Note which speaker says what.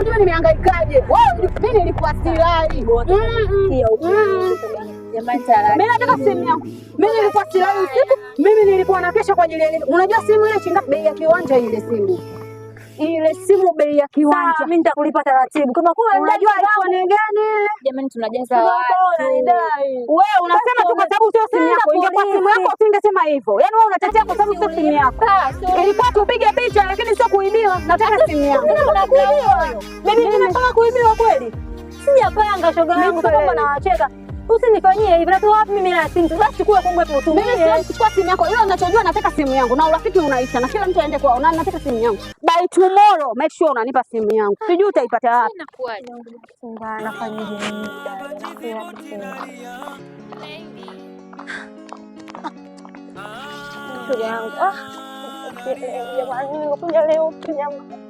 Speaker 1: unajua nimehangaikaje? Wewe mimi nilikuwa silai. Mimi nataka simu yangu. Mimi nilikuwa silai usiku. Mimi nilikuwa na kesha kwa ajili ya nini? Unajua simu ile chinga bei ya kiwanja ile simu?
Speaker 2: Ile simu bei ya kiwanja.
Speaker 1: Mimi nitakulipa taratibu. Kama kuna unajua alikuwa ni gani ile?
Speaker 2: Jamani tunajaza
Speaker 1: watu. Wewe unasema tu kwa sababu sio simu yako. Ingekuwa simu yako usingesema hivyo. Yaani wewe unatetea kwa sababu sio simu yako. Ah, ilikuwa tupige picha lakini kuibiwa, nataka simu
Speaker 2: yangu.
Speaker 1: Mimi nimetoka kuibiwa kweli, sijapanga shoga yangu kama nawacheka Usinifanyie hivi natoa wapi mimi na simu? Basi chukua kongwe tu tu. Mimi siwezi kuchukua simu yako. Ile unachojua nataka simu yangu na urafiki unaisha. Na kila mtu aende kwao. Na nataka simu yangu. By tomorrow make sure unanipa simu yangu. Ah, Sijui utaipata wapi.
Speaker 2: Inakuwaje? Sindana nafanya nini? Baby. Ah. 别别玩，我不讲了，我不讲了。